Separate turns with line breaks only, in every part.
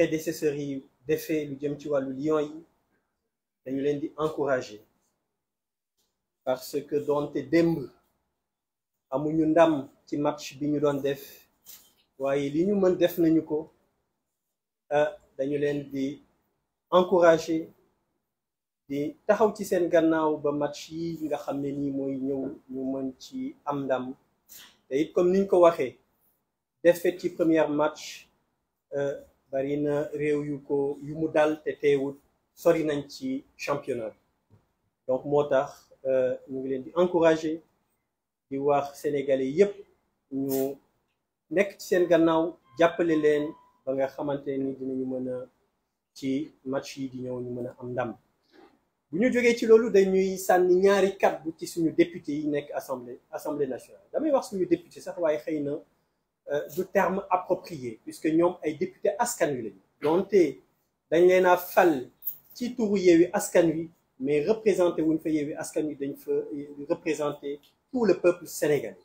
prédécesseurs yi defee lu jëm ci wàllu lion yi dañu leen di encourager parce que doonte démb amuñu ndam ci match bi ñu doon def waaye li ñu mën def nañu ko ah, dañu leen di encourager di taxaw ci seen gannaaw ba match yi nga xam ne nii mooy ñëw ñu mën ci am ndam te it comme niñ ko waxee défaite ci premier match euh, bari na réew yu ko yu mu dal te teewut sori nañ ci championnat donc moo tax euh, ñu ngi leen di encourager di wax sénégalais yépp ñu nekk ci seen gannaaw jàppale leen ba nga xamante ni dinañu mën a ci match yi di ñëw ñu mën a am ndam bu ñu jógee ci loolu dañuy sànni ñaari kàddu ci suñu député yi nekk assemblée assemblée nationale damay wax suñu député sax waaye xëy na Euh, du terme approprié puisque ñoom ay député askan wi lañu donte dañ leen a fal ci turu Yewwi Askan Wi mais représenté wuñ fa Yewwi Askan Wi dañ fa euh, représenté tout le peuple sénégalais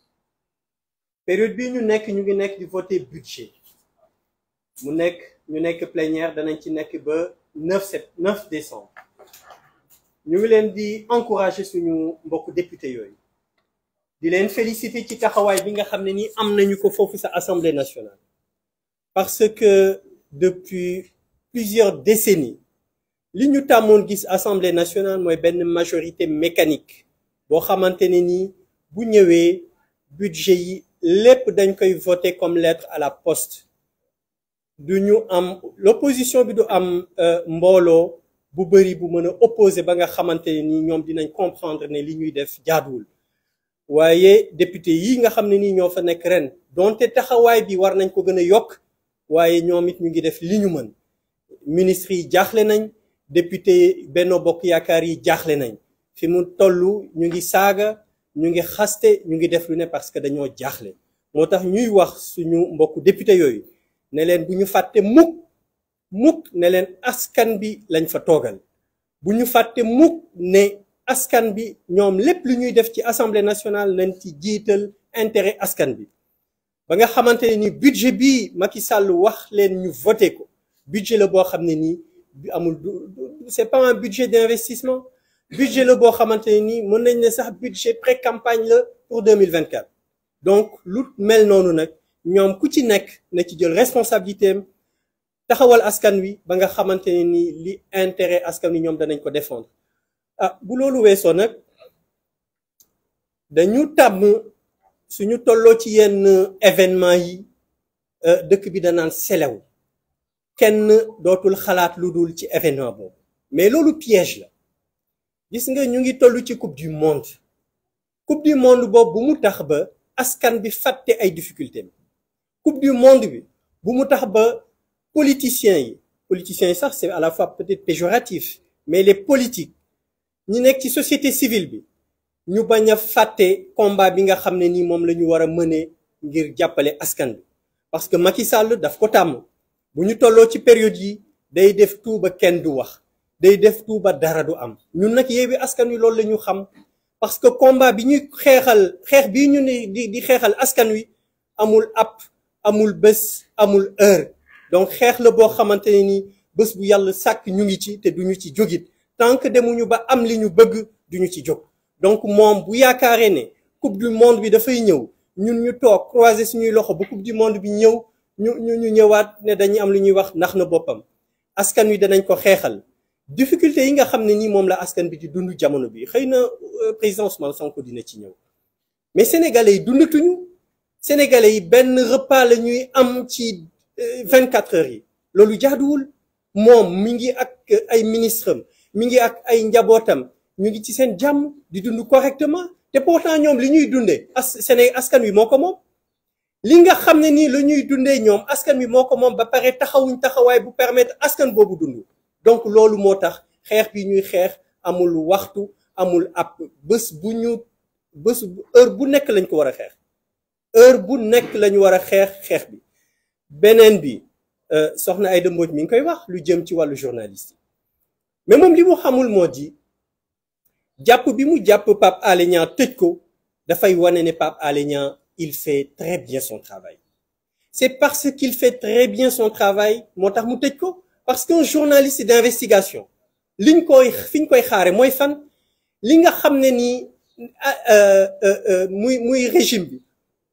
période bii ñu nekk ñu ngi nekk di voter budget mu nekk ñu nekk plénière danañ ci nekk ba 9 sept 9 décembre ñu ngi leen di encourager suñu mbokk député yooyu di leen féliciter ci taxawaay bi nga xam ne nii am nañu ko foofu sa assemblée nationale parce que depuis plusieurs décennies li ñu tàmmoon gis assemblée nationale mooy benn majorité mécanique boo xamante ne nii bu ñëwee budget yi lépp dañ koy voter comme lettre à la poste du ñu am l'opposition bi du am euh, mbooloo bu bari bu mën a opposer ba nga xamante ne nii ñoom dinañ comprendre ne li ñuy def jaaduwul waaye député yi nga xam ne nii ñoo fa nekk ren donte taxawaay bi war nañ ko gën a yokk waaye ñoom it ñu ngi def li ñu mën ministre yi jaaxle nañ député Benno Bokk Yaakaar yi jaaxle nañ fi mu toll ñu ngi saaga ñu ngi xaste ñu ngi def lu ne parce que dañoo jaaxle moo tax ñuy wax suñu mbokk député yooyu ne leen bu ñu fàtte mukk mukk ne leen askan bi lañ fa toogal bu ñu fàtte mukk ne askan bi ñoom lépp lu ñuy def ci assemblée nationale nañ ci jiital intérêt askan bi ba nga xamante ne ni budget ma Macky Sall wax leen ñu voté ko budget la boo xam ne nii bi amul c'est pas un budget d'investissement budget la boo xamante ne nii mën nañ ne sax budget pré-campagne la pour 2024 donc lu mel noonu nag ñoom ku ci nekk na ci jël responsabilité am taxawal askan wi ba nga xamante ne ni li intérêt askan wi ñoom danañ ko défendre ah bu loolu weesoo nag dañu tàmm suñu tolloo ci yenn événement yi eh, dëkk bi danaan selew kenn dootul xalaat lu dul ci événement boobu mais loolu piège la gis nga ñu ngi toll ci coupe du monde coupe du monde boobu bu mu tax ba askan bi fàtte ay difficulté bi coupe du monde bi bu mu tax ba politiciens yi politiciens yi sax ci à la fois peut-être péjoratif mais les politiques ñu nekk ci société civile bi ñu bañ a fàtte combat bi nga xam ne nii moom la ñu war a mënee ngir jàppale askan bi parce que Macky Sall daf ko tàmm bu ñu tolloo ci période yi day def tout ba kenn du wax day def tout dara du am ñun nag Yewwi Askan Wi loolu lañu xam parce que combat bi ñu xeexal xeex bi ñu ne di di xeexal askan wi amul app amul bés amul heure donc xeex la boo xamante ne ni bés bu yàlla sàkk ñu ngi ci te duñu ci jógit tant que demuñu ba am li ñu bëgg du ñu ci jóg donc moom bu yaakaaree ne coupe du monde bi dafay ñëw ñun ñu toog croiser suñuy loxo ba coupe du monde bi ñëw ñu ñu ñëwaat ne dañuy am lu ñuy wax nax na boppam askan wi danañ ko xeexal difficulté yi nga xam ne nii moom la askan bi di dund jamono bi xëy na euh, président Ousmane Sonko dina ci ñëw mais sénégalais yi dundatuñu sénégalais yi benn repas la am ci euh, vingt quatre heures yi loolu jaaduwul moom mi ngi ak euh, ay ministre am mi ngi ak ay njabootam ñu ngi ci seen jàmm di dund correctement te pourtant ñoom li ñuy dundee as Séné askan wi moo ko moom. li nga xam ne nii la ñuy dundee ñoom askan wi moo ko moom ba pare taxawuñ taxawaay bu permettre askan boobu dund donc loolu moo tax xeex bi ñuy xeex amul waxtu amul ab bës bu ñu bës heure bu nekk lañ ko war a xeex heure bu nekk lañ war a xeex xeex bi beneen bi euh, soxna Aïda Mbodj mi ngi koy wax lu jëm ci wàllu journaliste yi mais moom li mu xamul moo di jàpp bi mu jàpp Pape Alé tëj ko dafay wane ne Pape Alé Niang il fait très bien son travail c'est parce qu'il fait très bien son travail moo tax mu tëj ko parce qu'un journaliste d'investigation liñ koy fi koy xaare mooy fan li nga xam ne nii ah, euh, euh, euh, muy muy régime bi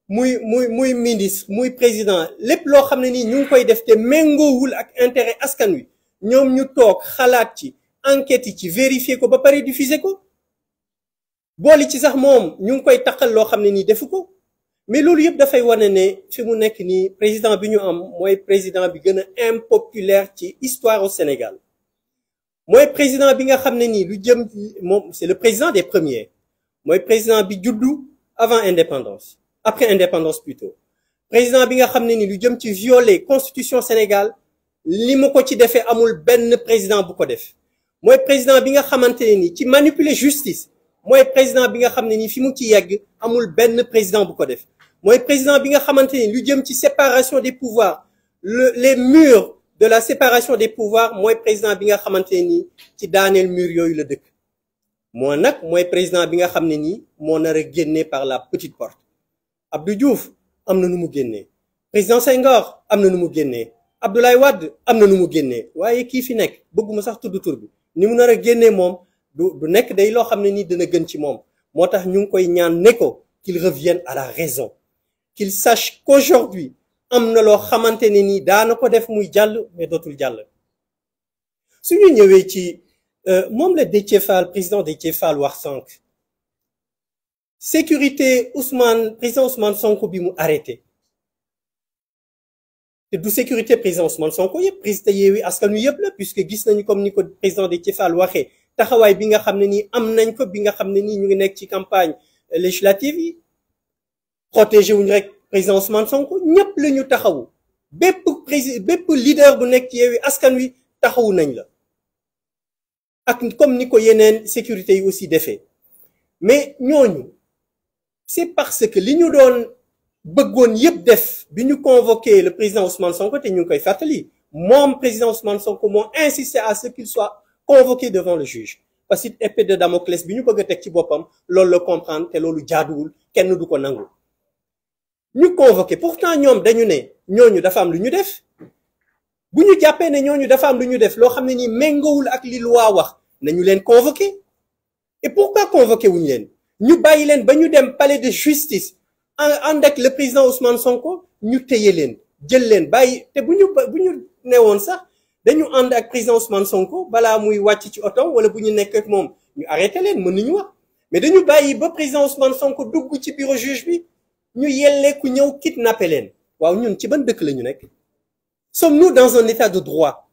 muy muy muy ministre muy président lépp loo xam ne nii ñu ngi koy def te méngoowul ak intéret askan wi ñoom ñu toog xalaat ci enquête yi ci vérifier ko ba pare diffuser ko booli ci sax moom ñu ngi koy taqal loo xam ne nii defu ko mais loolu yëpp dafay wane ne fi mu nekk nii président bi ñu am mooy président bi gën a impopulaire ci histoire au Sénégal mooy président bi nga xam ne nii lu jëm moom c'est le président des premiers mooy président bi juddu avant indépendance après indépendance plutôt président bi nga xam ne nii lu jëm ci violer constitution Sénégal li mu ko ci defee amul benn président bu ko def mooy président bi nga xamante ne ni ci manipuler justice mooy président bi nga xam ne ni fi mu ci yegg amul benn président bu ko def mooy président bi nga xamante ni lu jëm ci séparation des pouvoirs le les murs de la séparation des pouvoirs mooy président bi nga xamante ni ci daaneel mur yooyu la dëkk moo nag mooy président bi nga xam ne nii moo nar a par la petite porte Abdou Diouf am na nu mu génnee président Senghor am na nu mu génnee Abdoulaye Wade am na nu mu génnee waaye kii fi nekk bëgguma sax tudd tur bi ni mu nar a génnee moom du nekk day loo xam ne nii dina gën ci moom moo tax ñu ngi koy ñaan ne ko qu'il revienne à la raison qu'il sache qu'aujourd'hui am na loo xamante ni nii daana ko def muy jàll mais dootul jàll suñu ñëwee ci euh, moom la Déthié Fall président Déthié Fall wax sànq sécurité Ousmane président Ousmane Sonko bi mu arrêté te du sécurité président Ousmane Sonko yëpp président Yewwi Askan Wi yëpp la puisque gis nañu comme ni ko président Déthié Fall waxee taxawaay bi nga xam ne nii am nañ ko bi nga xam ne nii ñu ngi nekk ci campagne législative yi protégé wuñu rek président Ousmane Sonko ñëpp la ñu taxawu bépp bépp leader bu nekk ci Yewwi Askan Wi taxawu nañ la ak comme ni ko yeneen sécurité yi aussi defee mais ñooñu c'est parce que li ñu doon bëggoon yëpp def bi ñu convoqué le président Ousmane Sonko te ñu ngi koy fàttali moom président Ousmane Sonko moo insisté à ce qu'il soit convoqué devant le juge parce que épée de Damoclès bi ñu bëgg a teg ci boppam loolu la comprendre te loolu jaaduwul kenn du ko nangu. ñu convoqué pourtant ñoom dañu ne ñooñu dafa am lu ñu def bu ñu jàppee ne ñooñu dafa am lu ñu def loo xam ne nii méngowul ak li loi wax nañu leen convoqué et pourquoi convoqué wuñu leen ñu bàyyi leen ba ñu dem palais de justice. ànd ak le président Ousmane Sonko ñu téye leen jël leen bàyyi te bu ñu bu ñu neewoon sax dañu ànd ak président Ousmane Sonko balaa muy wàcc ci oto wala bu ñu nekk ak moom ñu arrêté leen mën nañu wax mais dañu bàyyi ba président Ousmane Sonko dugg ci bureau juge bi ñu yellee ku ñëw kidnappé leen waaw ñun ci ban dëkk la ñu nekk sommes-nous dans un état de droit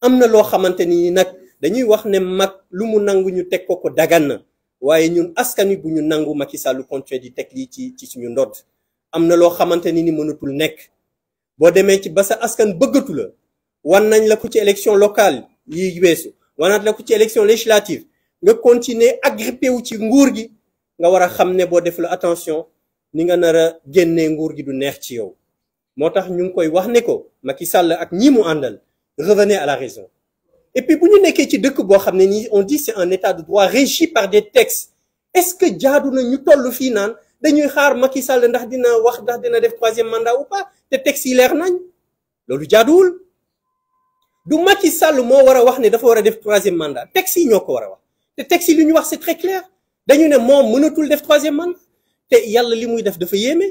am na loo xamante ni nag dañuy wax ne mag lu mu nangu ñu teg ko ko dagan na waaye ñun askan wi bu ñu nangu Macky Sall continuer di teg lii ci ci suñu ndodd am na loo xamante ni ni mënatul nekk boo demee ci ba sa askan bëggatu la wan nañ la ko ci élection locale yi weesu wanaat la ko ci élection législative nga continuer agrippé wu ci nguur gi nga war a xam ne boo def la attention ni nga nar a génnee nguur gi du neex ci yow moo tax ñu ngi koy wax ne ko Macky Sall ak ñii mu àndal revenez à la raison et puis bu ñu nekkee ci dëkk boo xam ne nii on dit c'est un état de droit régi par des textes est-ce que jaadu na ñu toll fii naan dañuy xaar makki Sall ndax dina wax ndax dina def troisième mandat ou te textes yi leer nañ loolu jaaduwul du Macky Sall moo war a wax ne dafa war a def troisième mandat textes yi ñoo ko war a wax te textes yi li ñu wax c'est très clair dañu ne moom mënatul def troisième mandat te yàlla li muy def dafa yéeme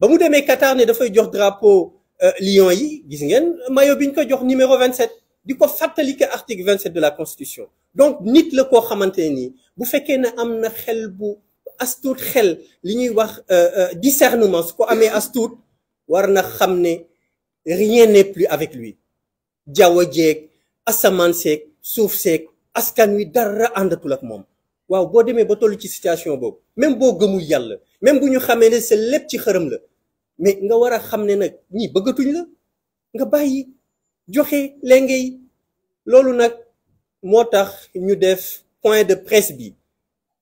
ba mu demee Qatar ne dafay jox drapeau euh, lion yi gis ngeen mayo bi ñu ko jox numéro 27. di ko fàttali que article 27 de la constitution donc nit la koo xamante nii bu fekkee ne am na xel bu astuut xel li ñuy wax euh, euh, discernement su ko amee astuut war na xam ne rien n'est plus avec lui jaww jeeg asamaan seeg suuf seek askan wi dara àndatul ak moom waaw boo demee ba toll ci situation boobu même boo gëmul yàlla même bu ñu xamee ne sa lépp ci xërëm la mais nga war a xam ne nag ñi bëggatuñ la nga bàyyi joxe léngay loolu nag moo tax ñu def point de presse bi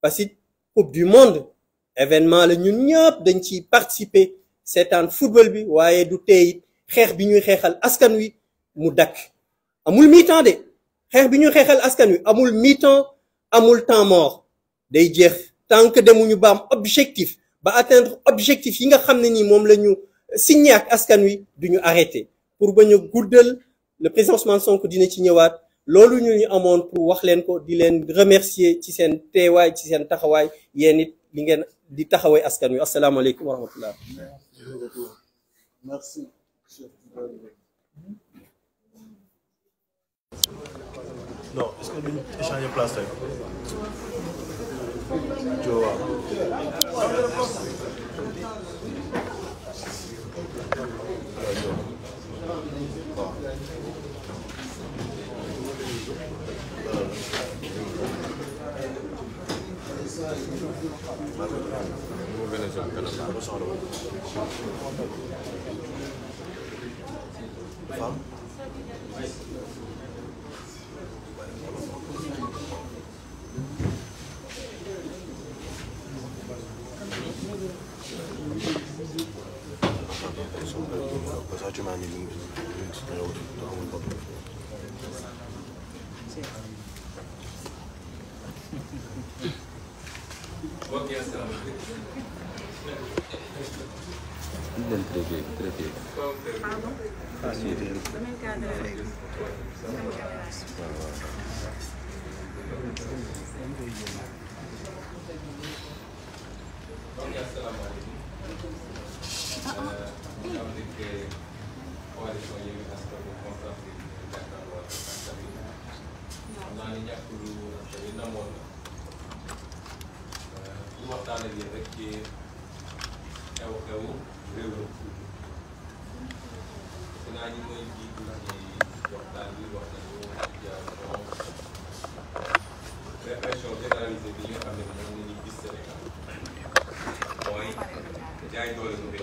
parce que coupe du monde événement la ñun ñëpp dañ ciy participer seetaan football bi waaye du tey xeex bi ñuy xeexal askan wi mu dakk amul mi-temps de xeex bi ñuy xeexal askan wi amul mi-temps amul temps mort day jeex tant que demuñu baam am objectif ba atteindre objectif yi nga xam ne ni moom la ñu signé ak askan wi duñu arrêté pour bañ a guddal le président Ousmane Sonko dina ci ñëwaat loolu ñu ñu amoon pour wax leen ko di leen remercier ci seen teewaay ci seen taxawaay yéen it li ngeen di taxawee askan wi asalaamaaleykum wa rahmatullah moo gën a jëm kanam
may doole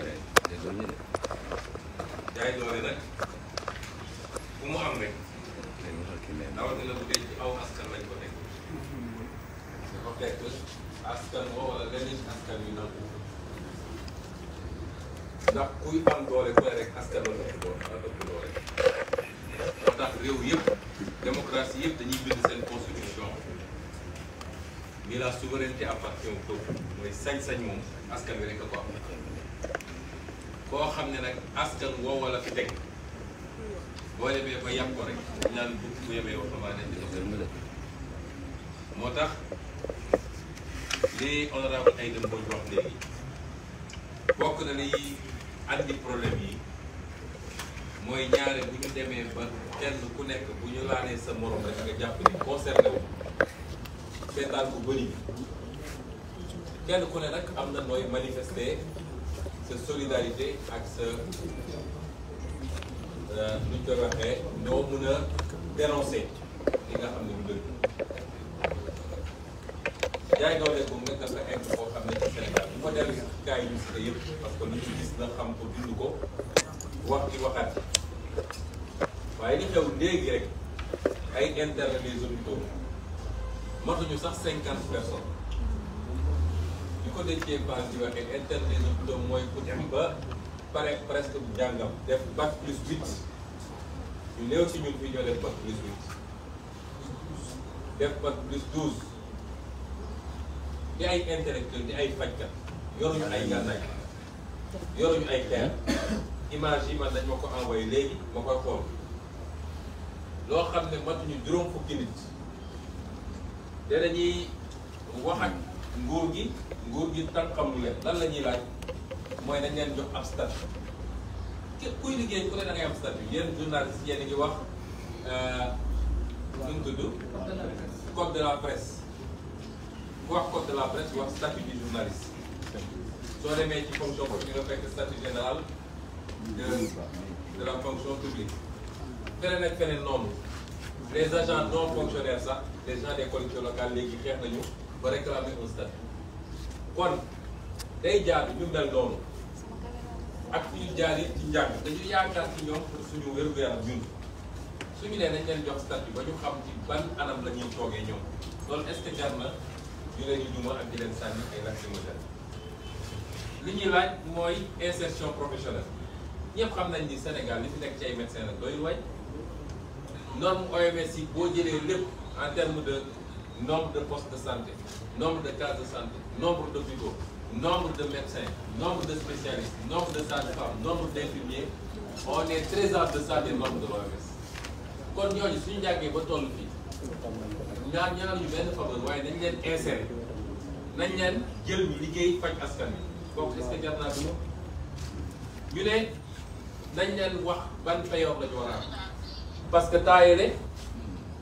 Euh, nuñ koy waxee ñoo mën a dénoncer li nga xam ne du dëgg jaay doole boobu nag dafa xam ne ci Sénégal bu ko dellu gaa yi ñu yëpp parce que ñu gis na xam ko dund ko wax ci waxaat waaye li xew léegi rek ay interne des hôpitaux matuñu sax cinquante personnes ñu ko déjee base di waxee interne des hôpitaux mooy ku dem ba pare presque jàngam def bac plus huit ñu néew ci ñun fii ñoo def bac plus def bac plus douze di ay intellectuel di ay fajkat yoruñu ay gànnaay yoruñu ay xeer image yi man dañ moo ko envoyé léegi ma koy xool loo xam ne matuñu juróom fukki nit te dañuy wax ak nguur gi nguur gi tànqamu leen lan la ñuy laaj mooy dañ leen jox ab statut képp kuy liggéey ku ne da ngay am statut yéen journaliste yéen a ngi wax euh, nu mu tudd code de la presse wax code de la presse wax statut du journaliste soo demee ci fonction boobu ñu nga fekk statut général de de la fonction publique feneen ak feneen noonu les agents non fonctionnaires sax les gens des collectivités locales léegi xeex nañu ba réclamer un statut kon day jaar ñu mel noonu ak fu ñu jaaree ci njàng dañu yaakaar ci ñoom pour suñu wér-gu-yaram ñun suñu nee nañ leen jox statut ba ñu xam ci ban anam la toogee ñoom loolu est ce que jar na ñu leen di duma ak di leen sànni ay lacrymogène li ñuy laaj mooy insertion professionnelle ñëpp xam nañ ni Sénégal li fi nekk ci ay médecins nag doyul way norme OMS boo jëlee lépp en terme de nombre de postes de santé nombre de cases de santé de d'hôpitaux nombre de médecins, nombre de spécialistes, nombre de sages-femmes, nombre d'infirmiers, on est très en deçà des membres de l'OMS. kon ñooñu suñu jàggee ba toll fii ñaar ñaar yu benn faveur waaye nañ leen insérer nañ leen jël ñu liggéey faj askan wi kooku est-ce que jar naa ñu ne nañ leen wax ban payoor la ñu war a am parce que taayale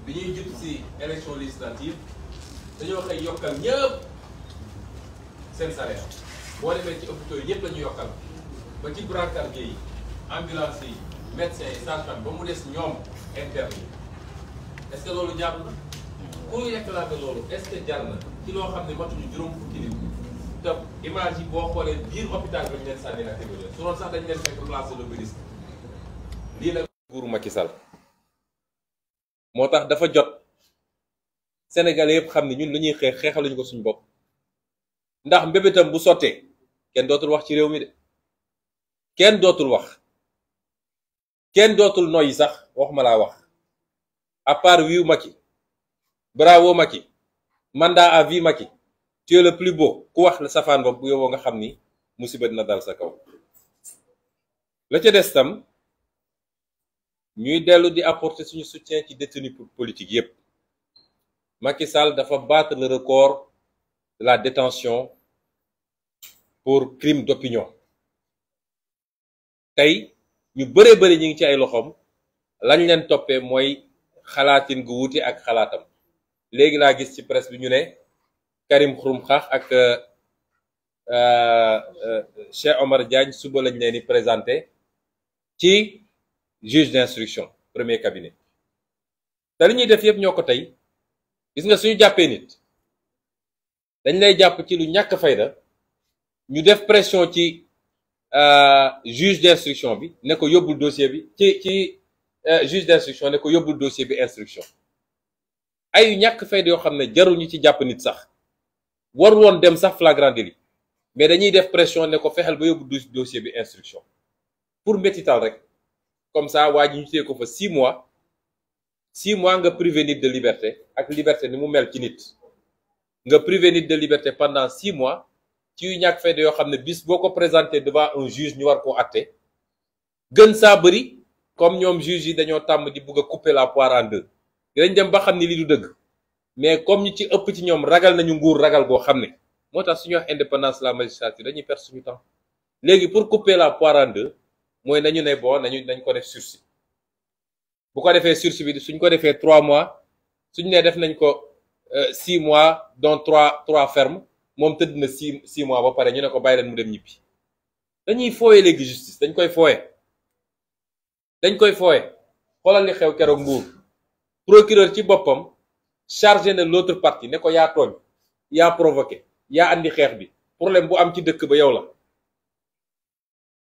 bi ñuy jub si élection législative dañoo xëy yokkal ñëpp. seen salaire boo demee ci hôpitaux yi yëpp la ñu yokkal ba ci brancardier yi ambulance yi médecins yi sage ba mu des ñoom interne yi est que loolu jàpp na ku réclamer loolu est-ce que jar loo xam ne matuñu juróom fukki yi boo xoolee biir hôpital bi dañ leen sànni ak tégole su doon sax dañ leen fekk place de l'Obélisque lii nag nguuru Macky moo tax dafa jot Sénégalais yëpp xam ne ñun lu ñuy xeexal xeexaluñu ko suñu bopp ndax mbébétam bu sottee kenn dootul wax ci réew mi de kenn dootul wax kenn dootul noyyi sax waxuma laa wax à part wiiw Macky bravo Macky mandat à vie Macky tu es le plus beau ku wax safaan boobu bu yowoo nga xam ni musiba na dal sa kaw la ca des tam ñuy dellu di apporter suñu soutien ci détenu politique yépp Macky Sall dafa battre le record de la détention pour crime d'opinion tey ñu bëree bëri ñu ngi ci ay loxoom lañ leen toppee mooy xalaatin gu wuute ak xalaatam léegi laa gis ci presse bi ñu ne Karim Xurum Xax ak euh, euh, Cheikh Omar Diagne suba lañ leen di présenté ci juge d'instruction premier cabinet te li ñuy def yëpp ñoo ko tey gis nga suñu jàppee nit dañ lay jàpp ci lu ñàkk fayda ñu def pression ci euh, juge d'instruction bi ne ko yóbbul dossier bi ci ci euh, juge d'instruction ne ko yóbbul dossier bi instruction ay ñàkk fayda yoo xam ne jaruñu ci jàpp nit sax war woon dem sax flagrant délit mais dañuy def pression ne ko fexeel ba yóbbu dossier bi instruction pour métital rek comme ça waa ji ñu téye ko fa six mois six mois nga privé nit de liberté ak liberté ni mu mel ci nit nga privé nit de liberté pendant six mois ci yu ñàkk fayda yoo xam ne bis boo ko présenté devant un juge ñu war koo àtte gën saa bëri comme ñoom juge yi dañoo tàmm di bugg a couper la poire en deux dinañ dem ba xam ni li du dëgg mais comme ñi ci ëpp ci ñoom ragal nañu nguur ragal goo xam ne moo tax suñu wax indépendance la magistrature dañuy perdre suñu temps léegi pour couper la poire en deux mooy nañu ne bon nañu nañ ko def sursis bu ko defee sursis bi suñ ko defee trois mois suñ ne def nañ ko. Euh, six mois don trois trois fermes moom tëdd na six six mois ba pare ñu ne ko bàyyi leen mu dem ñibbi dañuy fooye léegi justice dañ koy fooye dañ koy fooye xoolal xew keroog mbuur procureur ci boppam chargé na l'autre partie ne ko yaa tooñ yaa provoqué yaa andi xeex bi problème bu am ci dëkk ba yow la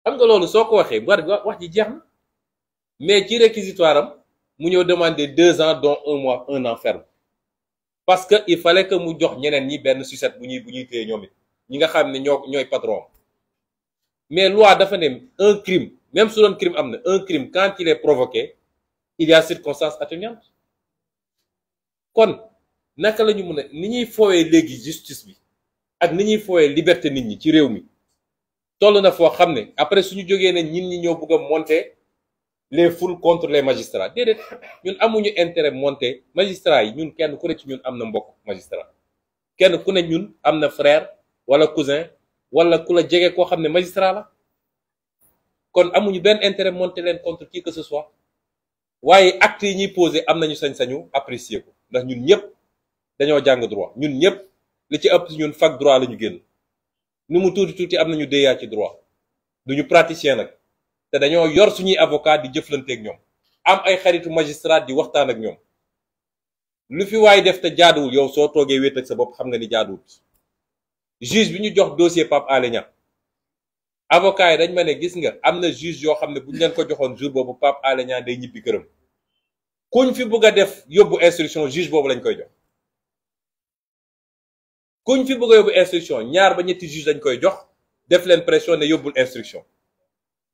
xam nga loolu soo ko waxee war wax ji jeex na mais ci réquisitoire mu ñëw demander deux ans dont un mois un an ferme parce que il fallait que mu jox ñeneen ñi benn sucette bu ñuy bu ñuy ñoom ñi nga xam ne ñoo ñooy patron mais loi dafa ne un crime même su doon crime am na un crime quand il est provoqué il y a circonstance atténuante kon naka la ñu mën a ni ñuy foowee léegi justice bi ak ni ñuy foowee liberté nit ñi ci réew mi toll na foo xam ne après suñu jógee ne ñin ñi ñoo bëgg a monter les foules contre les magistrats déedéet ñun amuñu intérêt monté magistrats yi ñun kenn ku ne ci ñun am na mbokk magistrat kenn ku ne ñun am na frère wala cousin wala ku la jege koo xam ne magistrat la kon amuñu benn intérêt monté leen contre qui que ce soit waaye acte yi ñuy posé am nañu sañ-sañu apprécier ko ndax ñun ñëpp dañoo jàng droit ñun ñëpp li ci ëpp ñun fac droit la ñu génn ni mu tuuti tuuti am nañu déyaa ci droit ñu praticien nag te dañoo yor suñuy avocat di jëflanteeg ñoom am ay xaritu magistrat di waxtaan ak ñoom lu fi waay def te jaaduwul yow soo toogee wéet ak sa bopp xam nga ni jaaduwul juge bi ñu jox dossier Pape Alé Niang avocat yi dañ ma ne gis nga am na juge yoo xam ne bu ñu leen ko joxoon jour boobu Pape Alé Niang day ñibbi këram kuñ fi bëgg a def yóbbu instruction juge boobu lañ koy jox kuñ fi bëgg a yóbbu instruction ñaar ba ñetti juge dañ koy jox def leen pression ne yóbbul instruction.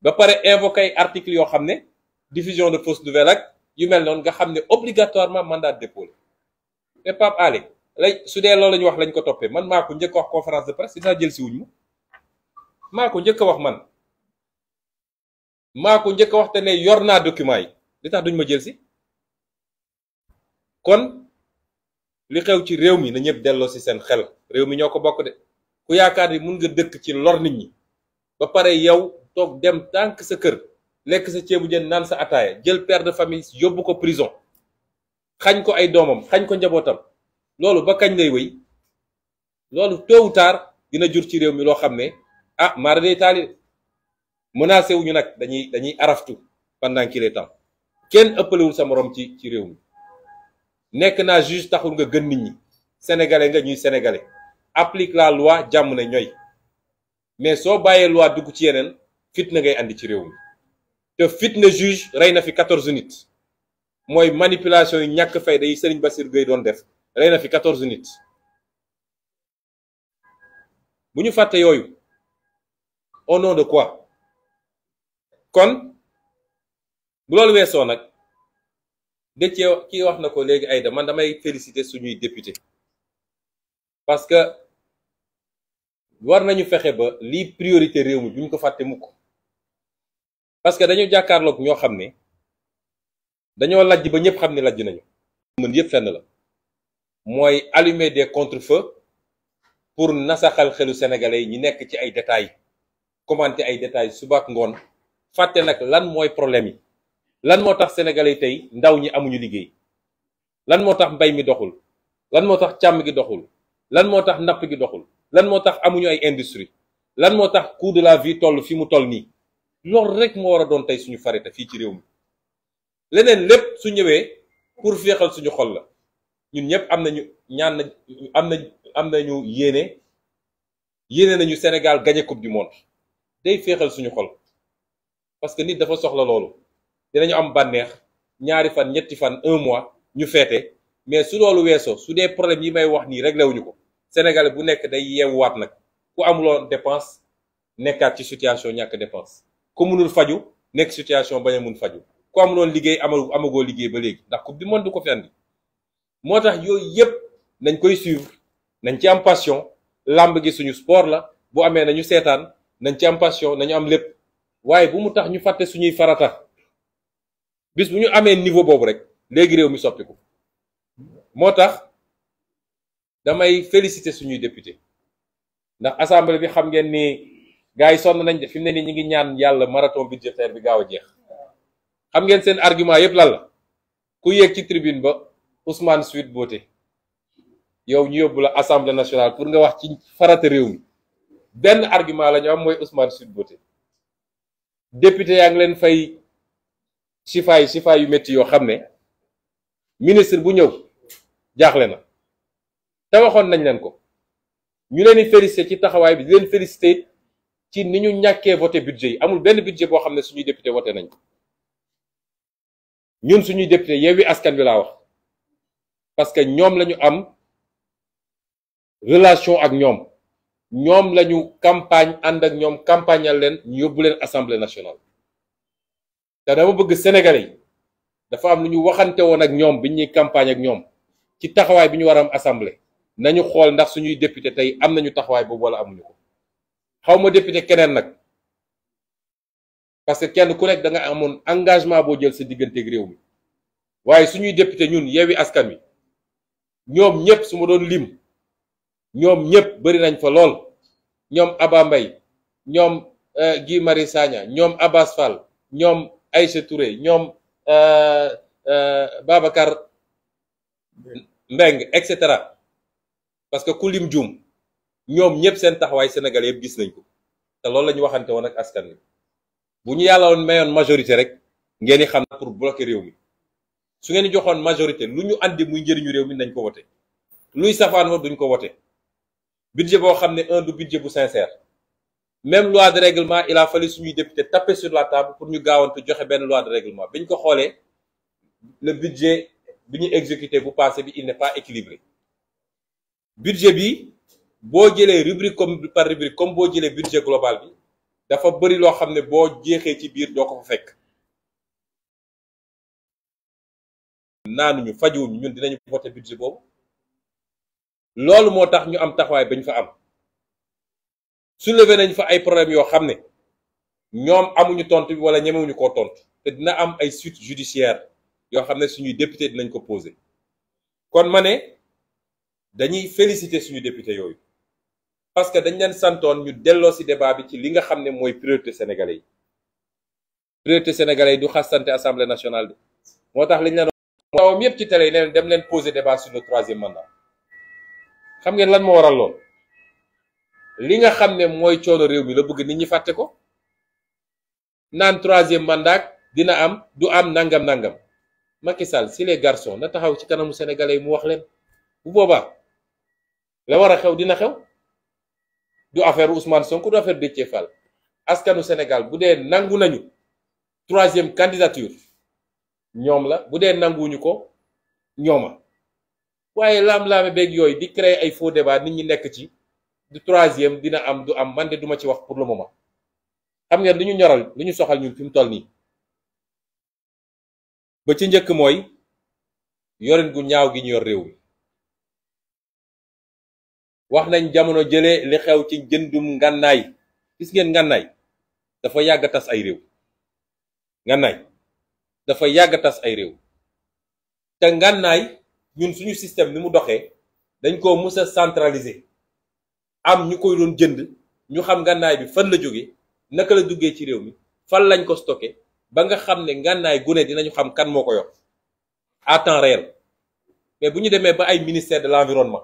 ba pare invoqué ay articles yoo xam ne diffusion de fausse nouvelle ak yu mel noonu nga xam ne obligatoirement mandat de dépôt te Pape Alé su dee loolu la ñu wax lañ ko toppee man maa ko njëkk wax conférence de presse dinaa jël si wuñ ma maa ko njëkk a wax man maako njëkk a wax te ne yor naa documents yi li tax duñ ma jël si kon li xew ci réew mi na ñëpp delloo si seen xel réew mi ñoo ko bokk de ku yaakaar ni mun nga dëkk ci lor nit ñi ba pare yow. toog dem tànk sa kër lekk sa ceebu jën naan sa ataaya jël père de famille yóbbu ko prison xañ ko ay doomam xañ ko njabootam loolu ba kañ lay wéy loolu tôt ou tard dina jur ci réew mi loo xam ne ah mara day taali menacé ñu nag dañuy dañuy araftu pendant qu'il est temps kenn ëppalewul sa moroom ci ci réew mi nekk naa juge taxul nga gën nit ñi sénégalais nga ñuy sénégalais applique la loi jàmm ne ñooy mais soo bàyyee loi dugg ci yeneen fitna ngay indi ci réew mi te fitna juge rey na fi quatorze nit mooy manipulation yi ñàkk fayda yi Serigne Bassir Gueye doon def rey na fi quatorze nit bu ñu fàtte yooyu au nom de quoi kon bu loolu weesoo nag dëcce kii wax na ko léegi Aïda man damay féliciter suñuy député parce que war nañu fexe ba lii priorité réew mi bu ko fàtte mukk parce que dañu jàkkaarloog ñoo xam ne dañoo lajj ba ñëpp xam ne lajj nañu mën yëpp fenn la mooy allumer des contre-feux pour nasaxal xelu sénégalais yi ñi nekk ci ay détails commenter ay détails suba ak ngoon fàtte nag lan mooy problème yi lan moo tax sénégalais yi tey ndaw ñi amuñu liggéey lan moo tax mbay mi doxul lan moo tax càmm gi doxul lan moo tax napp gi doxul lan moo tax amuñu ay industrie lan moo tax coût de la vie toll fi mu toll nii loolu rek moo war a doon tey suñu farita fii ci réew mi leneen lépp su ñëwee pour féexal suñu xol la ñun ñëpp am nañu ñaan am nañ am nañu yéene yéene nañu Sénégal gagné coupe du monde day féexal suñu xol parce que nit dafa soxla loolu dinañu am bànneex ñaari fan ñetti fan un mois ñu feete mais su loolu weesoo su dee problème yi may wax nii réglé wuñu ko Sénégalais bu nekk day yeewuwaat nag ku amuloon dépense nekkaat ci situation ñàkk dépense ku munul faju nekk situation bañ a mun faju ku amuloon liggéey amal amagoo liggéey ba léegi ndax coupe du monde du ko fi andi moo tax yooyu yëpp nañ koy suivre nañ ci am passion làmb gi suñu sport la bu amee nañu seetaan nañ ci am passion nañu am lépp waaye bu mu tax ñu fàtte suñuy farata bis bu ñu amee niveau boobu rek léegi réew mi soppiku moo tax damay féliciter suñuy député ndax assemblée bi xam ngeen ni. gars yi sonn nañ def fi mu ne nii ñu ngi ñaan yàlla marathon budgétaire bi gaaw a jeex xam ngeen seen argument yëpp lan la ku yéeg ci tribune ba Ousmane Suite Boote yow ñu yóbbu la assemblée nationale pour nga wax ci farata réew mi benn argument la am mooy Ousmane Suite Boote député yaa ngi leen fay chifaay chifaay yu métti yoo xam ne ministre bu ñëw jaaxle na te waxoon nañ leen ko ñu leen di ci taxawaay bi di leen félicité ci ni ñu ñàkkee voté budget yi amul benn budget boo xam ne suñuy député voté nañ ko ñun suñuy député Yewwi Askan Wi laa wax parce que ñoom lañu am relation ak ñoom ñoom lañu campagne ànd ak ñoom campagnal leen ñu yóbbu leen assemblée nationale te dama bëgg sénégalais yi dafa am lu ñu waxante woon ak ñoom bi ñuy campagne ak ñoom ci taxawaay bi ñu war a am assemblée nañu xool ndax suñuy député tey am nañu taxawaay boobu wala amuñu ko xaw ma député keneen nag parce que kenn ku nekk da nga amoon engagement boo jël sa digganteeg réew mi waaye suñuy député ñun yewi askan wi ñoom ñëpp suma doon lim ñoom ñëpp bëri nañ fa lool ñoom Aba mbay ñoom euh, gi Marius Sagna ñoom Abass Fall ñoom Aïcha Touré ñoom euh, euh, Babacar Mbengue et cetera parce que ku lim juum. ñoom ñëpp seen taxawaay Sénégal yëpp gis nañ ko te loolu la ñu waxante woon ak askan wi bu ñu yàlla woon mayoon majorité rek ngeen di xam pour bloquer réew mi su ngeen joxoon majorité lu ñu andi muy njëriñu réew mi nañ ko wote luy safaan wa duñ ko wote budget boo xam ne un du budget bu sincère même loi de règlement il a fallu suñuy député taper sur la table pour ñu gaawantu joxe benn loi de règlement bi ñu ko xoolee le budget bi ñu exécuté bu passé bi il n'est pas boo jëlee rubrique comme par rubrique comme boo jëlee budget global bi dafa bëri loo xam ne boo jeexee ci biir doo ko fa fekk naanuñu fajuwuñu ñun dinañu voté budget boobu loolu moo tax ñu am taxawaay bañ fa am su soulevé nañ fa ay problème yoo xam ne ñoom amuñu tontu bi wala ñemewuñu koo tontu te dina am ay suites judiciaires yoo xam ne suñuy député dinañ ko posé kon ma ne dañuy féliciter suñu député yooyu parce que dañ leen santoon ñu delloo ci débat bi ci li nga xam ne mooy priorité sénégalais yi priorité sénégalais yi du xasante assemblée nationale bi moo tax liñ leen waawam yépp ci télé yi neen dem leen poser débat sur le troisième mandat xam ngeen lan moo waral lool li nga xam ne mooy coono réew mi la bëgg nit ñi fàtte ko naan troisième mandat dina am du am nangam nangam Macky Sall si les garçons na taxaw ci kanamu sénégalais yi mu wax leen bu boobaa la war a xew dina xew du affaire Ousmane Sonko du affaire Déthié Fall askanu Sénégal bu dee nangu nañu troisième candidature ñoom la bu dee nanguwuñu ko ñooma waaye laam-laame beeg yooyu di créer ay de débat nit ñi nekk ci du troisième dina am du am man de duma ci wax pour le ma xam ngeen lu ñu ñoral lu ñu soxal ñun fi mu toll nii ba ci njëkk mooy yorin gu ñaaw gi ñu yor réew mi wax nañ jamono jëlee li xew ci jëndum ngànnaay gis ngeen ngànnaay dafa yàgg tas ay réew ngànnaay dafa yàgg tas ay réew te ngànnaay ñun suñu système ni mu doxee dañ ko mus a centraliser am ñu koy doon jënd ñu xam ngànnaay bi fan la jóge naka la duggee ci réew mi fan lañ ko stocké ba nga xam ne ngànnaay gune dinañu xam kan moo ko yox à temps réel mais bu ñu demee ba ay ministère de l'environnement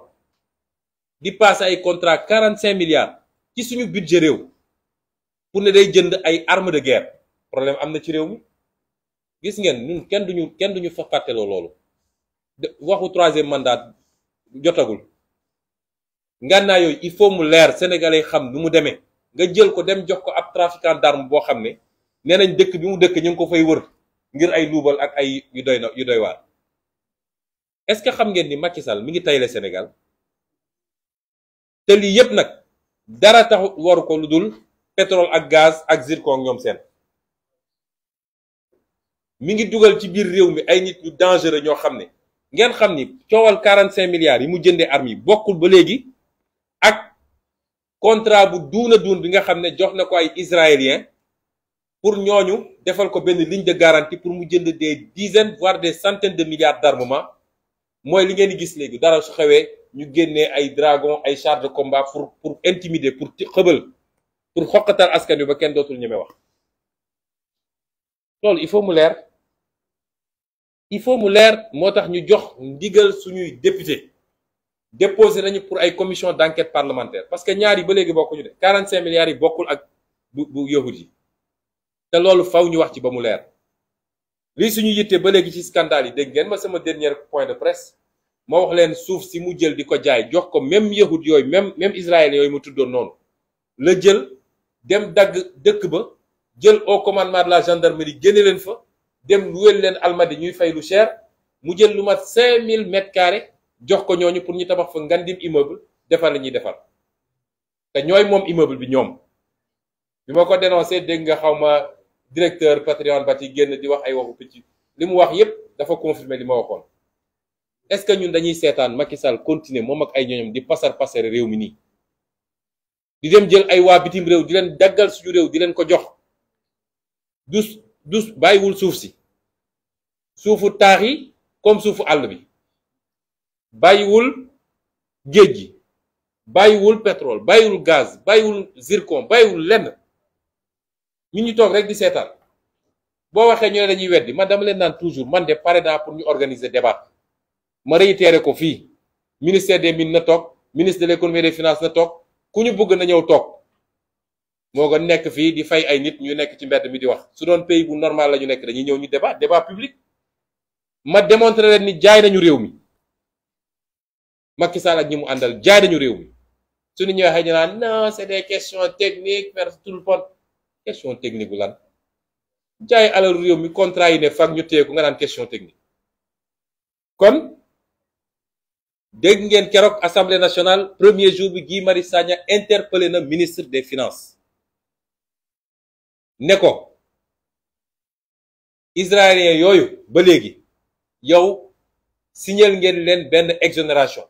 di passé ay contrat quarante cinq milliards ci suñu budget réew pour ne day jënd ay arme de guerre problème am na ci réew mi gis ngeen ñun kenn duñu kenn duñu fa fàtteloo loolu waxu troisième mandat jotagul ngànnaa yooyu il faut mu leer sénégalais xam nu mu demee nga jël ko dem jox ko ab trafiquant d'armes boo xam ne nee nañ dëkk bi mu dëkk ñu ngi ko fay wër ngir ay luubal ak ay yu doy na yu doy waar est-ce que xam ngeen ni Macky Sall mi ngi tayle Sénégal te lii yëpp nag dara tax waru ko lu dul pétrole ak gaz ak zircon ñoom seen mi ngi dugal ci biir réew mi ay nit ñu dangereux ñoo xam ne ngeen xam ni coowal 45 milliards yi mu jëndee armes yi bokkul ba léegi ak contrat bu duuna duun bi nga xam ne jox na ko ay israéliens pour ñooñu defal ko benn liñ de garanti pour mu jënd des dizaines voire des centaines de milliards d'armement mooy li ngeen di gis léegi dara su xewee. ñu génnee ay dragon ay chars de combat pour pour intimider pour xëbal pour xoqatal askan wi ba kenn dootul ñeme wax loolu il faut mu leer il faut mu leer moo tax ñu jox ndigal suñuy député déposé nañu pour ay commission d'enquête parlementaire parce que ñaar yi ba léegi bokkuñu de 45 milliards yi bokkul ak bu bu yahut yi te loolu faw ñu wax ci ba mu leer lii suñu yitte ba léegi ci scandale yi dégg ngeen ma sama dernier point de presse. moo wax leen suuf si mu jël di ko jaay jox ko même yahud yooyu même même israël yooyu mu tuddoon noonu la jël dem dagg dëkk ba jël au commandement de la gendarmerie génne leen fa dem luwel leen almadi ñuy fay lu cher mu jël lu mat 5000 mètres carrés jox ko ñooñu pour ñu tabax fa ngan ngandim immeuble defar la ñuy defar te ñooy moom immeuble bi ñoom bi ma ko dénoncé dégg nga xaw ma directeur Patrimoine Bâti génn di wax ay waxu picc li mu wax yépp dafa confirmer li ma est-ce que ñun dañuy seetaan Macky Sall continuer moom ak ay ñoñom di pasar pasare réew mi nii di dem jël ay waa bitim réew di leen daggal suñu réew di leen ko jox dus dus bàyyiwul suuf si suufu taaxi comme suufu àll bi bàyyiwul géej gi bàyyiwul pétrole bàyyiwul gaz bàyyiwul zircon bàyyiwul lenn ñun ñu toog rek di seetaan boo waxee ñu ne dañuy weddi man dama leen naan toujours man de pare naa pour ñu organiser débat ma teere ko fii ministère des mines na toog ministre de l'économie et des na toog ku ñu bëgg na ñëw toog moo ko nekk fii di fay ay nit ñu nekk ci mbedd mi di wax su doon pays bu normal la ñu nekk dañu ñëw ñu débat débat public ma démontrer leen ni jaay nañu réew mi Macky Sall ak ñi mu àndal jaay nañu réew mi suñu ñëwee xëy na non c'est des questions technique vers tout le monde question technique bu lan jaay alalu réew mi contrat yi ne fag ñu téye ko nga naan question technique dégg ngeen keroog assemblée nationale premier jour bi Guy Marius Sagna na ministre des finance ne ko israélien yooyu ba léegi yow signal ngeen leen benn exonération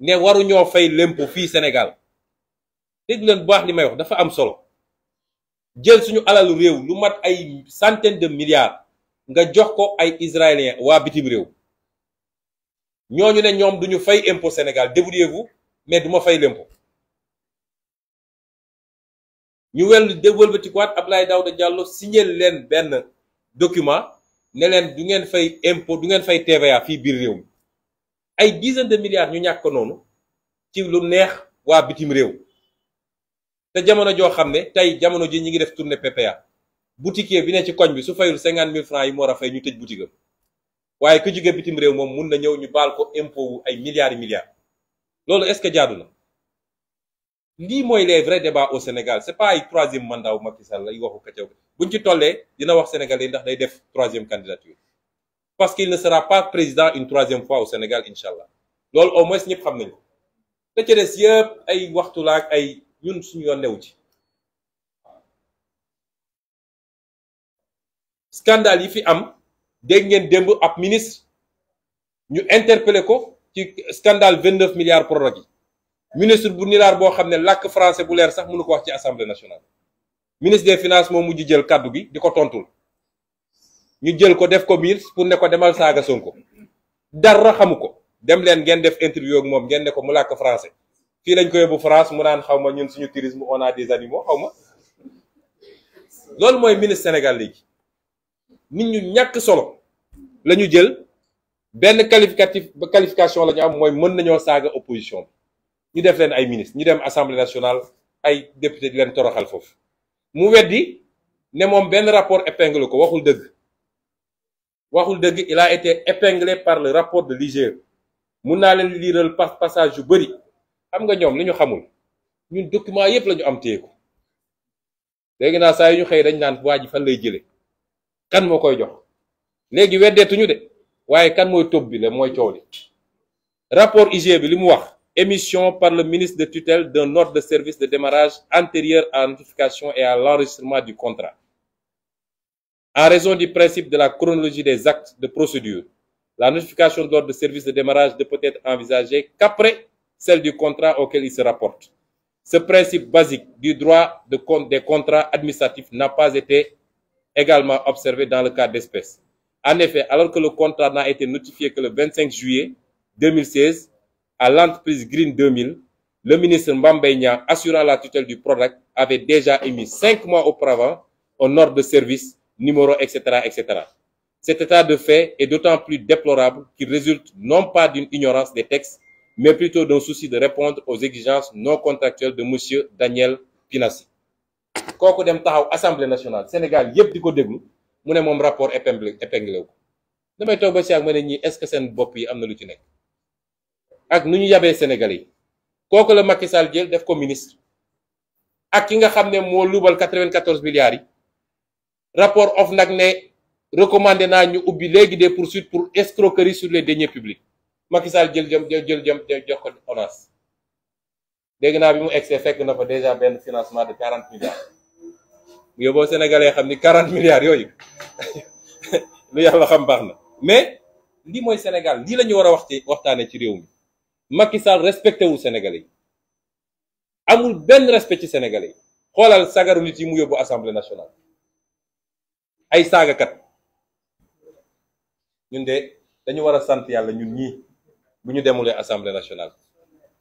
ne waruñoo fay l'impôt fii Sénégal dégg leen bu baax li may wax dafa am solo jël suñu alalu réew lu mat ay centaine de milliards nga jox ko ay israélien waa bitim réew ñooñu ne ñoom duñu fay impôt Sénégal débrouillez-vous mais duma fay l'impôt ñu ab déwëlbatikuwaat Abdoulaye Daouda Diallo signé leen benn document ne leen du ngeen fay impôt du ngeen fay TVA fii biir réew mi ay dizaine de milliards ñu ñàkk ko noonu ci lu neex waa bitim réew te jamono joo xam ne tey jamono ji ñi ngi def tournée PPA boutiquier bi ne ci koñ bi su fayul cinquante mille francs yi fay ñu tëj boutique am waaye ku jóge bitim réew moom mun na ñëw ñu baal ko impôt wu ay milliards milliards loolu est-ce que jaadu na lii mooy les vrais débats au Sénégal c'est pas ay troisième mandat wu Macky Sall lay waxu kacaw buñ ci tollee dina wax sénégalais ndax day def troisième candidature parce qu'il ne sera président une troisième fois au Sénégal incha allah loolu au moins ñëpp xam nañ ko da ca des yëpp ay waxtu la ay ñun suñu yoon newu ci scandale yi fi am. dégg ngeen démb ab ministre ñu interpellé ko ci scandale vingt neuf milliards prorog yi ministre bu nilaar boo xam ne làkk francais bu leer sax munu ko wax ci assemblée nationale ministre des finances moo mujj jël kàddu gi di ko tontul ñu jël ko def ko miir pour ne ko demal saaga Sonko dara xamu ko dem leen ngeen def interview ak moom ngeen ne ko mu làkk français fii lañ ko yóbbu France mu naan xaw ma ñun suñu tourisme on a des animaux xaw ma loolu mooy ministre Sénégal léegi nit ñu ñàkk solo la ñu jël benn qualificatif ba qualification lañu ñu am mooy mën nañoo saaga opposition bi ñu def leen ay ministre ñu dem assemblée nationale ay député di leen toroxal foofu mu weddi ne moom benn rapport épingle ko waxul dëgg waxul dëgg il a été épinglé par le rapport de l'IGE mun naa leen liiral passage yu bëri xam nga ñoom li ñu xamul ñu document yépp la ñu am téye ko léegi naa saa yu ñu xëy dañ naan waa ji fan lay jële kan moo koy jox léegi weddeetuñu de waaye kan mooy tóob bi la mooy coow li rapport IG bi li mu wax émission par le ministre de tutelle d'un ordre de service de démarrage antérieur à la notification et à l'enregistrement du contrat en raison du principe de la chronologie des actes de procédure la notification de l'ordre de service de démarrage ne peut être envisagée qu'après celle du contrat auquel il se rapporte ce principe basique du droit des contrats administratifs n'a pas été également observé dans le cas d'espèce En effet, alors que le contrat n'a été notifié que le 25 juillet 2016 à l'entreprise Green 2000, le ministre Mbambeigna, assurant la tutelle du PRODAC, avait déjà émis cinq mois auparavant un ordre de service, numéro, etc., etc. Cet état de fait est d'autant plus déplorable qu'il résulte non pas d'une ignorance des textes, mais plutôt d'un souci de répondre aux exigences non contractuelles de monsieur Daniel Pinassi. kooku dem taxaw Assemblée nationale Sénégal yépp di ko déglu mu ne moom rapport épinglé épinglé wu ko damay toog ba si ak ma ne ñii est que seen bopp yi am na lu ci nekk ak nu ñu yabee Sénégalais yi kooku la Macky Sall jël def ko ministre ak ki nga xam ne moo luubal 94 milliards yi rapport of nag ne recommandé naa ñu ubbi léegi de pour poursuites pour escroquerie sur les deniers publics Macky jël jëm jël jëm jox ko ONAS dégg naa bi mu egsee fekk na fa déjà benn financement de 40 milliards. yow boo sénégalais xam ni 40 milliards yooyu lu yàlla xam baax na mais lii mooy Sénégal lii la ñu war a waxti waxtaanee ci réew mi Macky Sall respecté wul yi amul benn respect ci sénégalais yi xoolal sagaru nit yi mu yóbbu assemblée nationale ay saagakat ñun de dañu war a sant yàlla ñun ñi bu ñu demulee assemblée nationale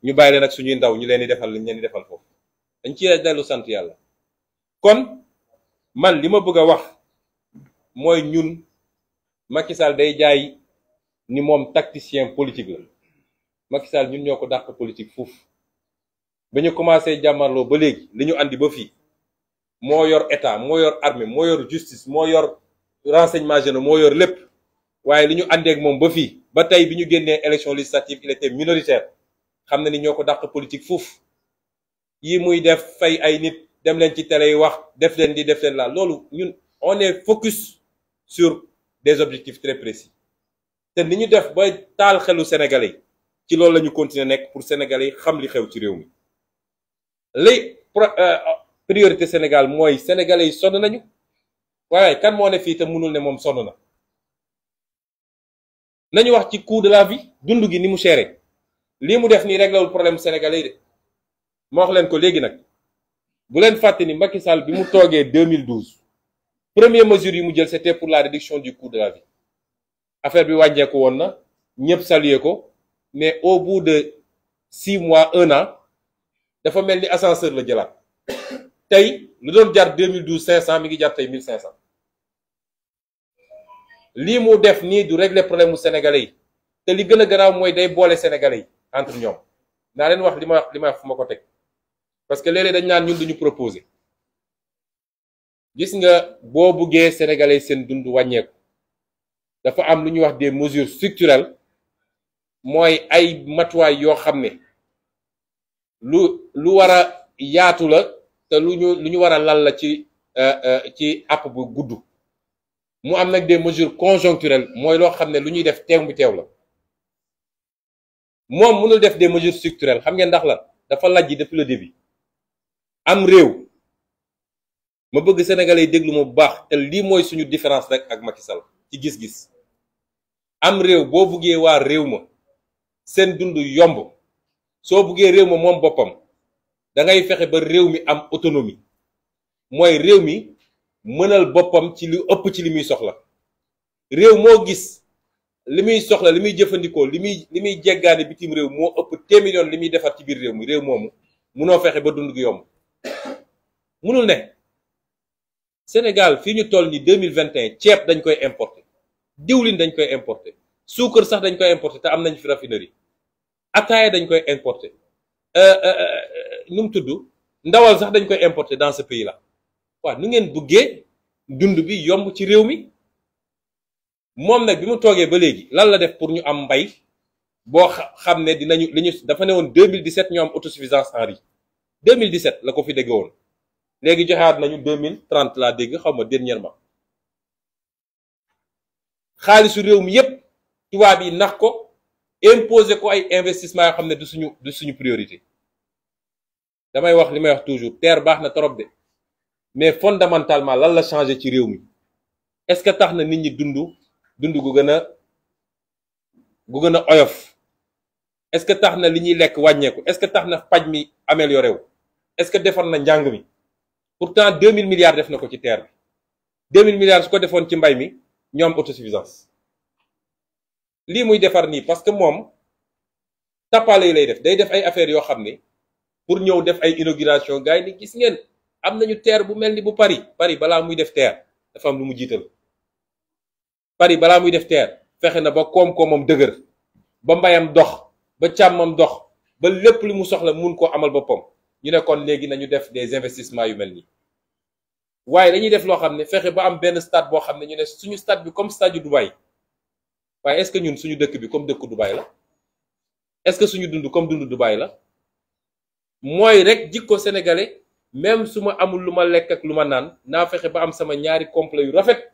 ñu bàyyi leen ak suñuy ndaw ñu leen di defal li ñu leen di defal foofu dañ ciy dellu sant yàlla kon. man li ma bëgg a wax mooy ñun Macky day jaay ni moom tacticien politique la Macky ñun ñoo ko dàq politique fuuf ba ñu commencé jàmmarloo ba léegi li ñu andi ba fii moo yor état moo yor armée moo yor justice moo yor renseignement généraux moo yor lépp waaye li ñu àndeek moom ba fii ba tey bi ñu génnee élection législative il était minoritaire xam na ni ñoo ko dàq politique fuuf yi muy def fay ay nit dem leen ci télé yi wax def leen di def leen la loolu ñun on est focus sur des objectifs très précis te ni ñu def ba taal xelu sénégalais yi ci loolu la ñu continuer nekk pour sénégalais yi xam li xew ci réew mi li euh, priorité Sénégal mooy sénégalais yi sonn nañu waaye kan moo ne fii te mënul ne moom sonn na nañu wax ci coût de la vie dundu gi ni mu chere lii mu def nii réglewul problème sénégalais yi de moo wax leen ko léegi nag. bu leen fàtte ni Macky Sall bi mu toogee 2012 première mesure yi mu jël c'était pour la réduction du coût de la vie affaire bi wàññeeku woon na ñëpp saluer ko mais au bout de six mois un an dafa mel ni ascenseur la jëlaat tey lu doon jar 2012 500 mi ngi jar tey 1500 lii mu def nii du régler problème mu sénégalais yi te li gën a garaaw mooy day boole sénégalais yi entre ñoom naa leen wax li ma wax li ma wax fu ma ko teg. parce que léeg dañ naan ñun duñu proposer gis nga boo buggee sénégalais seen dund wàññeeku dafa am lu ñuy wax de mesures structurelles mooy ay matuwaay yoo xam ne lu lu war a yaatu la te lu ñu lu ñu war a lal la ci euh, euh, ci app bu gudd mu am nag des mesures conjoncturelles mooy loo xam ne lu ñuy def teew bi teew la moom mënul def de mesures structurelles xam ngeen ndax la dafa lajji depuis le début am réew ma bëgg sénégalais yi déglu ma bu baax te lii mooy suñu différence rek ak Macky Sall ci gis-gis am réew boo buggee waa réew ma seen dund yomb soo buggee réew ma moom boppam dangay fexe ba réew mi am autonomie mooy réew mi mënal boppam ci lu ëpp ci li muy soxla réew moo gis li muy soxla li muy jëfandikoo li muy li muy jéggaane bitim réew moo ëpp téeméer yoon li muy defar ci biir réew mi réew moomu munoo fexe ba dund gi yomb mënul ne Sénégal fii ñu toll nii deux mille vingt et ceeb dañ koy importer diwlin dañ koy importer suukar sax dañ koy importé te am nañ fi raffinerie ataaya dañ koy importer euh, euh, euh, nu mu tudd ndawal sax dañ koy importer dans ce pays la waaw nu ngeen buggee dund bi yomb ci réew mi moom nag bi mu toogee ba léegi lan la def pour ñu am mbay boo xam ne dinañu li ñu dafa ne woon 2017 ñu am autosuffisance en riz 2017 la ko fi dégg woon léegi joxewaat nañu 2030 laa dégg xaw ma dernièrement xaalisu réew mi yépp tubaab yi nax ko imposer ko ay investissement yoo xam ne du suñu suñu priorité damay wax li may wax toujours terre baax na trop de mais fondamentalement lan la changé ci réew mi est-ce que tax na nit ñi dundu dundu gu gën a gu gën a oyof est-ce que tax na li ñuy lekk wàññeeku est-ce que tax na paj mi amélioré wu est-ce que defar na njàng mi pourtant 2000 milliards def na ko ci terre bi 2000 milliards su ko defoon ci mbay mi ñoom am autosuffisance lii muy defar nii parce que moom tappale yi lay def day def ay affaires yoo xam ne pour ñëw def ay inauguration gars ni gis ngeen am nañu terre bu mel ni bu Paris Paris balaa muy def terre dafa lu mu jiital Paris balaa muy def terre fexe na ba koom-koomam dëgër ba mbayam dox ba càmmam dox ba lépp lu mu soxla mun koo amal boppam ñu ne kon léegi nañu def des investissements yu mel nii waaye dañuy def loo xam ne fexe ba am benn stade boo xam ne ñu ne suñu stade bi comme stade yu Dubaï waaye est que ñun suñu dëkk bi comme dëkku Dubaï la est-ce que suñu dund comme dund Dubaï la mooy rek jikko sénégalais même su ma amul lu ma lekk ak lu ma naan naa fexe ba am sama ñaari complet yu rafet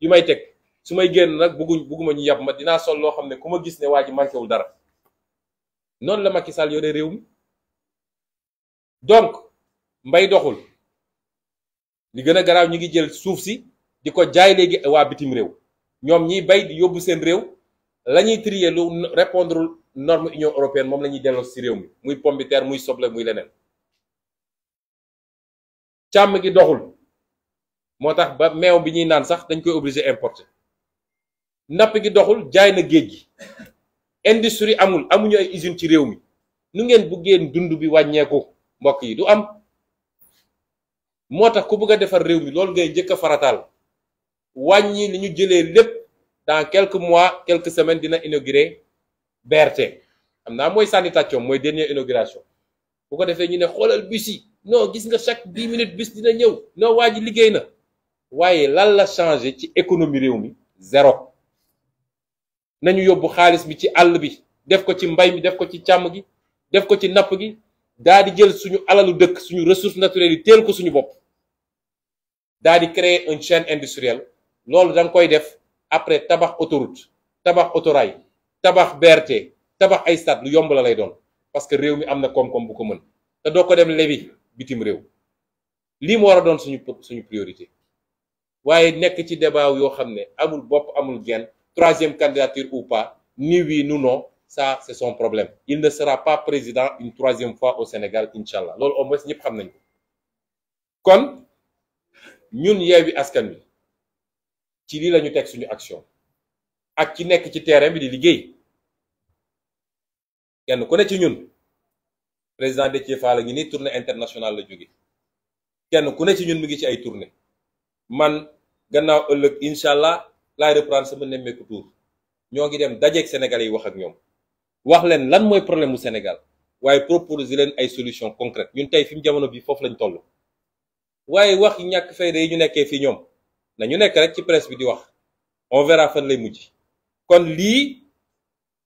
yu may teg su may génn nag bëgguñ bugguma ñu yàpp ma dinaa sol loo xam ne ku ma gis ne waa ji manqué dara noonu la Macky Sall yore réew mi donc mbay doxul li gën a garaaw ñi ngi jël suuf si di ko jaay léegi waa bitim réew ñoom ñiy bay di yóbbu seen réew la ñuy trier lu répondre norme union européenne moom la ñuy delloo si réew mi muy pomme terre muy soble muy leneen càmm gi doxul moo tax ba meew bi ñuy naan sax dañ koy obligé importer napp gi doxul jaay na géej gi industrie amul amuñu ay usine ci réew mi nu ngeen buggeen dund bi wàññeeku mbokk yi du am moo tax ku bëgg a defar réew mi loolu ngay njëkk a farataal wàññi li ñu jëlee lépp dans quelque mois quelque semaine dina inaugurer BRT am naa mooy sànni tàccoom mooy dernière inauguration bu ko defee ñu ne xoolal bus yi non gis nga chaque dix minutes bis dina ñëw non waa ji liggéey na waaye lan la changé ci économie réew mi zéro nañu yóbbu xaalis bi ci àll bi def ko ci mbay mi def ko ci càmm gi def ko ci napp gi daa di jël suñu alalu dëkk suñu ressource naturelle yi teel ko suñu bopp daa di créer une chaîne industrielle loolu da koy def après tabax autoroute tabax autorail tabax BRT tabax ay stade lu yomb la lay doon parce que réew mi am na koom-koom bu ko mën te doo ko dem lebi bitim réew lii mu war a doon suñu suñu priorité waaye nekk ci débat yoo xam ne amul bopp amul genn troisième candidature ou pas ni nu non ça c'est son problème il ne sera pas président une troisième fois au Sénégal incha allah loolu au moins ñëpp xam nañ ko kon ñun Yewwi Askan bi ci lii lañu teg suñu action ak ci nekk ci terrain bi di liggéey kenn ku ne ci ñun président Déthié Fall la ngi ni tournée internationale la jóge kenn ku ne ci ñun mi ngi ci ay tournée man gannaaw ëllëg incha allah laay reprendre sama nemmeeku tour ñoo ngi dem dajeeg sénégalais yi wax ak ñoom wax leen lan mooy problème mu Sénégal waaye proposer leen ay solution concrète ñun tey fi mu jamono bi foofu lañ toll waaye wax ñàkk fayda yi ñu nekkee fii ñoom na ñu nekk rek ci presse bi di wax on verra fan lay mujj kon lii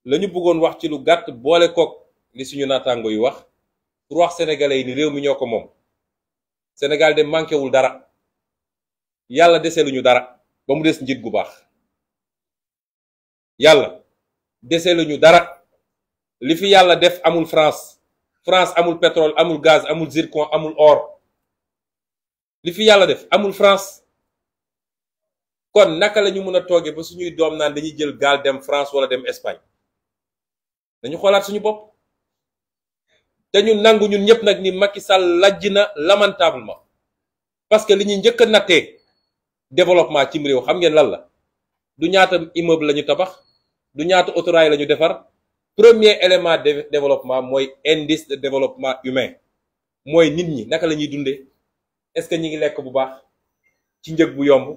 lañu ñu bëggoon wax ci lu gàtt boole kook li suñu naataango yu wax pour wax sénégalais yi ni réew mi ñoo ko moom Sénégal de manqué wul dara yàlla dese luñu dara ba mu des njiit gu baax yàlla dese luñu dara. li fi yàlla def amul France France amul pétrole amul gaz amul zircon amul or li fi yàlla def amul France kon naka lañu ñu mën a toogee ba suñuy doom naan dañuy jël gaal dem France wala dem Espagne dañu xoolaat suñu bopp te ñu nangu ñun ñëpp nag ni Macky Sall lajj na lamentablement parce que li ñuy njëkk a nattee développement cim réew xam ngeen lan la du ñaata immeuble la ñu tabax du ñaata autorail la ñu defar. premier élément de développement mooy indice de développement humain mooy nit ñi naka la ñuy dundee est-ce que ñi ngi lekk bu baax ci njëg bu yomb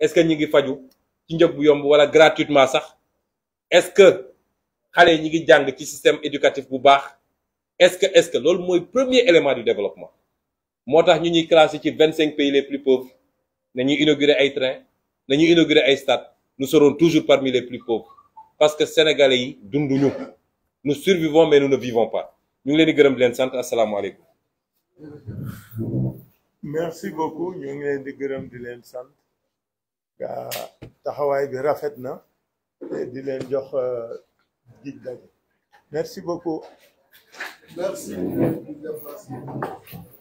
est-ce que ñi ngi faju ci njëg bu yomb wala gratuitement sax est-ce que xale yi ñi ngi jàng ci système éducatif bu baax est-ce que est-ce que loolu mooy premier élément du développement moo tax ñu ñuy classé ci vingt cinq pays les plus pauvres nañuy inaugurer ay trains nañuy inaugurer ay stades nu serons toujours par les plus pauvres parce que sénégalais yi dunduñu nous survivons mais nous ne vivons pas ñu ngi leen di gërëm di leen sant asalaamualeykum.
merci beaucoup ñu ngi leen di gërëm di leen sant taxawaay bi rafet na di leen jox euh, dig
daje